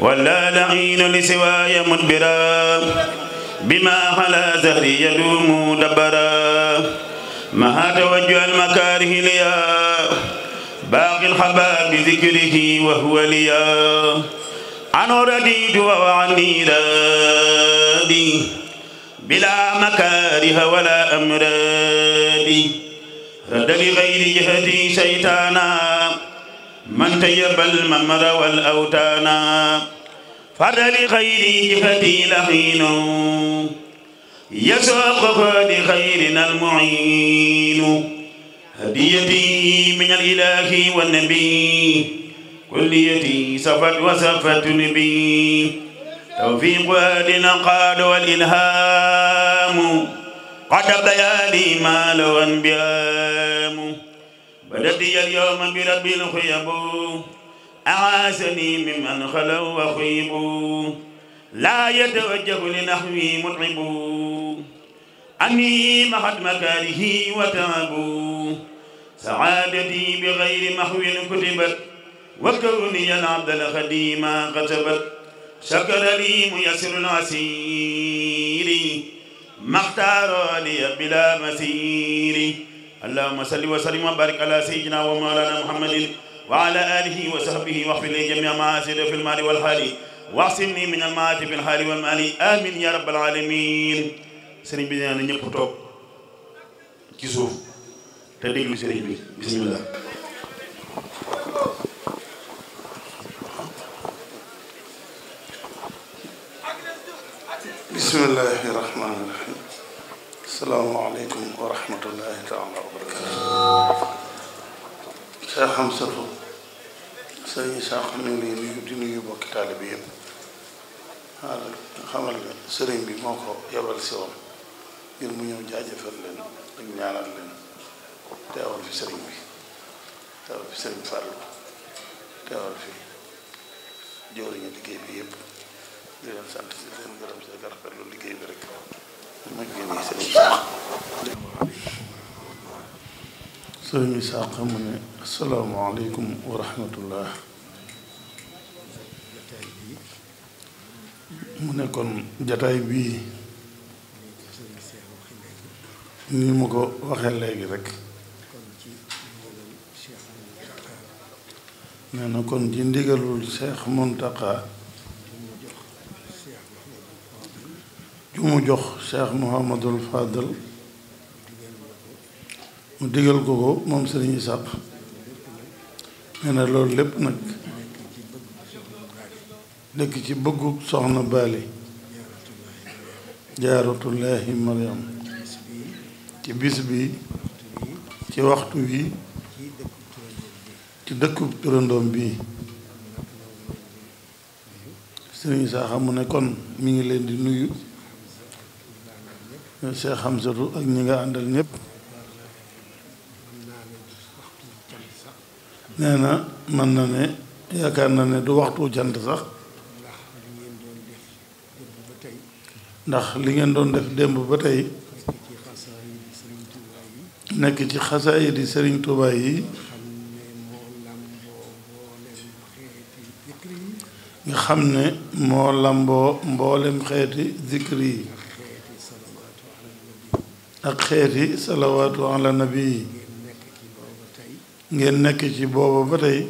ولا لعين لسواي مدبرا بما على زهري يدوم دبرا مها توجه المكاره ليا باقي الحباب بذكره وهو ليا أنا رديت وعني رادي بلا مكاره ولا أمرادي رد لغير جهتي شيطانا من تيب الممر والأوتانا فدى لخير جفتي لحين يسوق لخيرنا المعين هديتي من الإله والنبي كليتي سفت وسفت نبي توفيق أهلنا قاد والإلهام قد بيالي ما لو أنبيام ولدي اليوم برب الخيب أعاسني ممن خلوا وخيبوا لا يتوجه لنحوي متعب عني محد مكاره وتعب سعادتي بغير محو كتبت وكوني العبد الخديم كتبت شكر لي ميسر العسير ما اختار لي بلا مسير allahumma salli wa sallim wa barik ala sayyidina wa mawlana muhammadin wa ala alihi wa sahbihi wa xfir li jamia ma asida fi lmaali walxaali waxsimni min almaati fi lxaali walmaali amin ya rabbal alamin sëriñ bi nee na ñëpp toog ci suuf te déglu sëriñ bi bismillah bismillahi rahmaani rahim asalaamaaleykum wa rahmatullahi taala Cheikh Hamsatou sëñ saa ñu ngi lay nuyu di nuyu bokki taalibe yëpp xamal nga sëriñ bi moo ko yebal si woon ngir mu ñëw jaajëfal leen ak ñaanal leen teewal fi sëriñ bi teewal fi sëriñ Fàllu teewal fi jëwriñu liggéey bi yëpp di leen sant di leen gërëm si rafetlu liggéey bi rek mag gi nii sëriñ Isaax sëriñ Isaaqa mu ne asalaamaaleykum wa rahmatullah mu ne kon jataay bii ni mu ko waxee léegi rekk nee na kon ci ndigalul Cheikh Mountakha ju mu jox Cheikh Mouhamadul Fadal mu digal ko ko moom sëriñ Isaab nee na loolu lépp nag dëkk ci bëggu soxna Baali jaaratullaahi Mariam ci bis bi ci waxtu wi ci dëkku turandoom bii sëriñ Isaa mu ne kon mu ngi leen di nuyu Cheikh Hamsatu ak ñi nga àndal ñépp nee na mën na ne yaakaar na ne du waxtu jant sax ndax li ngeen doon def démb ba tey nekk ci xasaayid yi sëriñ Touba yi nga xam ne moo lamboo mboolem xeeti zikri yi ak xeeti salawaatu ala nabi yi ngeen nekk ci booba ba tey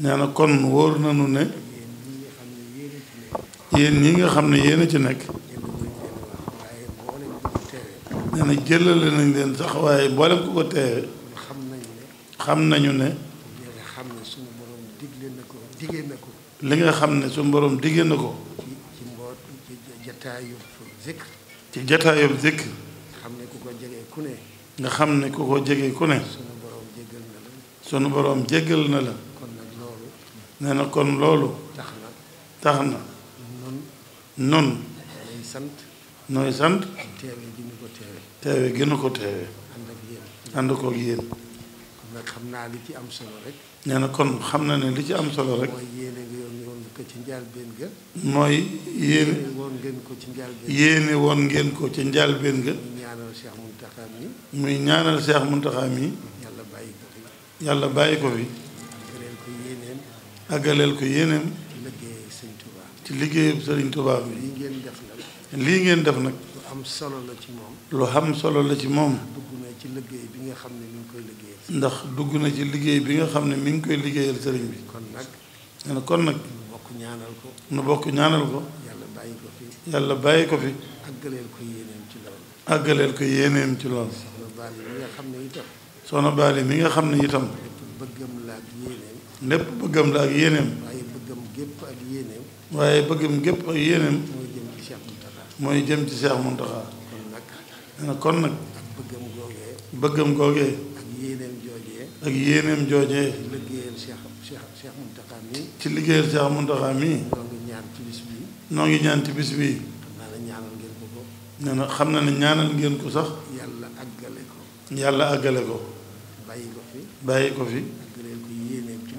nee kon wóor nañu ne yéen ñi nga xam ne yéen a ci nekk nee jëlale nañ leen sax waaye boolem ku ko teewe xam nañu ne li nga xam ne suñu borom diggee na ko ci jataayub zikr ci jataayub zikr xam ne ku ko jege nga xam ne ku ko jege ku ne. sunu boroom jéggal na la. nee na kon loolu. tax na. nun nooy sant. teewe gi nu ko teewe. ànd koog yéen. nee na kon xam na ne li ci am solo rek. mooy yéene. yéene woon ngeen ko ci njaalbeen ga. Cheikh Mountakha mi. muy ñaanal seex Mountakha mi. yàlla bàyyi ko fi. yàlla bàyyi ko fi. àggaleel ko yéeneem. ko yéeneem. ci liggéeyu Serigne Touba. ci liggéeyu Serigne Touba bi. lii ngeen def nag. lii ngeen def nag. lu am solo la ci moom. lu am solo la ci moom. dugg na ci liggéey bi nga xam ne mi ngi koy liggéeyal. ndax dugg na ci liggéey bi nga xam ne mi ngi koy liggéeyal sëriñ bi. kon nag. kon nag. nu bokk ñaanal ko. nu bokk ñaanal ko. yàlla bàyyi ko fi. yàlla ko fi. àggaleel ko àggaleel ko yéeneem ci lool soxna Baali mi nga xam ne itam lépp bëggam la ak yéeneem waaye bëggam gépp ak yéeneem mooy jëm ci Cheikh Mountakha na kon nag bëggam googee ak yéeneem joojee ci liggéeyal Cheikh Mountakha mii noo ngi ñaan ci bis bii nee na xam na ne ñaanal ngeen ko sax. yàlla àggale ko. yàlla àggale ko. bàyyi ko fi. bàyyi ko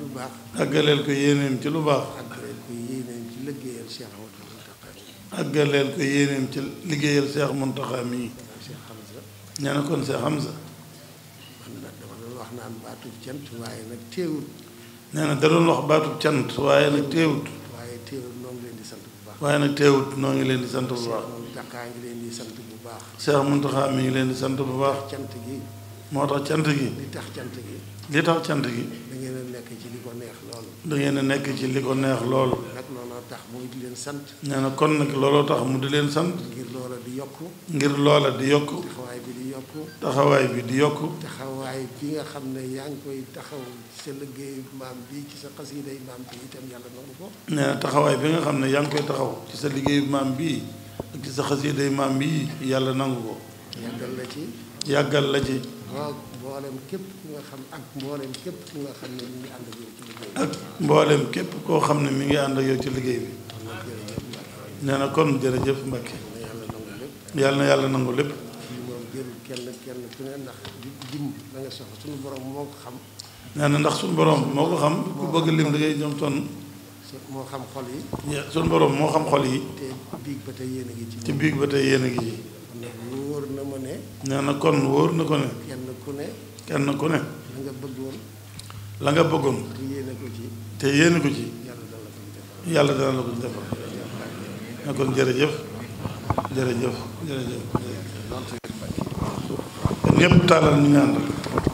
lu baax. àggaleel ko yéeneem ci lu baax. àggaleel ci liggéeyal Cheikh Mountakha. àggaleel ci liggéeyal Cheikh Mountakha mii. nee na kon Cheikh Hamza. man nag dama doon wax naan baatub cant waaye nag teewut. nee na da doon wax baatub waaye nag teewut. teewul noo ngi leen di sant bu baax. waaye nag teewut noo ngi leen di sant bu baax. Cheikh Mountakha ngi leen di bu baax. Cheikh Mountakha mi ngi leen di sant bu baax. cant gi. moo tax cant gi. li tax cant gi. li tax gi. da ngeen a nekk ci li ko neex lool. da ngeen a nekk ci li ko neex lool. tax mu di leen sant. nee na kon nag looloo tax mu di leen sant. ngir loola di yokk. ngir loola di yokk. taxawaay bi di yokk. taxawaay bi di yokk. taxawaay bi nga xam ne yaa ngi koy taxaw sa liggéey maam bi ci sa xasiiday maam bi itam yàlla nangu ko. nee taxawaay bi nga xam ne yaa ngi koy taxaw sa liggéey maam bii ak ci sa xasiiday maam bi yàlla nangu ko. yàggal la ci. yàggal la ji. mboolem képp ku xam ak mbooleem képp ku nga xam ne mi ngi ànd ak yow képp koo xam ne mi ngi ànd ak yow ci liggéey bi. nee na kon jërëjëf Mbacke. yàlla na yàlla nangu lépp. kenn kenn ku ndax lim la suñu borom moo xam. nee na ndax suñu borom moo xam ku bëgg lim da ngay ñoom ton xam xol yi. suñu borom moo xam xol yi. te biig ba tey yéen a ngi ci. te biig ba tey yéen a ndax na ma ne. nee na kon wóor na ko ne. kenn ko ne. kenn ku ne. la nga bëggoon. la nga bëggoon. te yéene ko ci. te yéene ko ci. yàlla dana la ko defal. na kon jërëjëf. jërëjëf jërëjëf. ñëpp taalal ñu ñaan rek.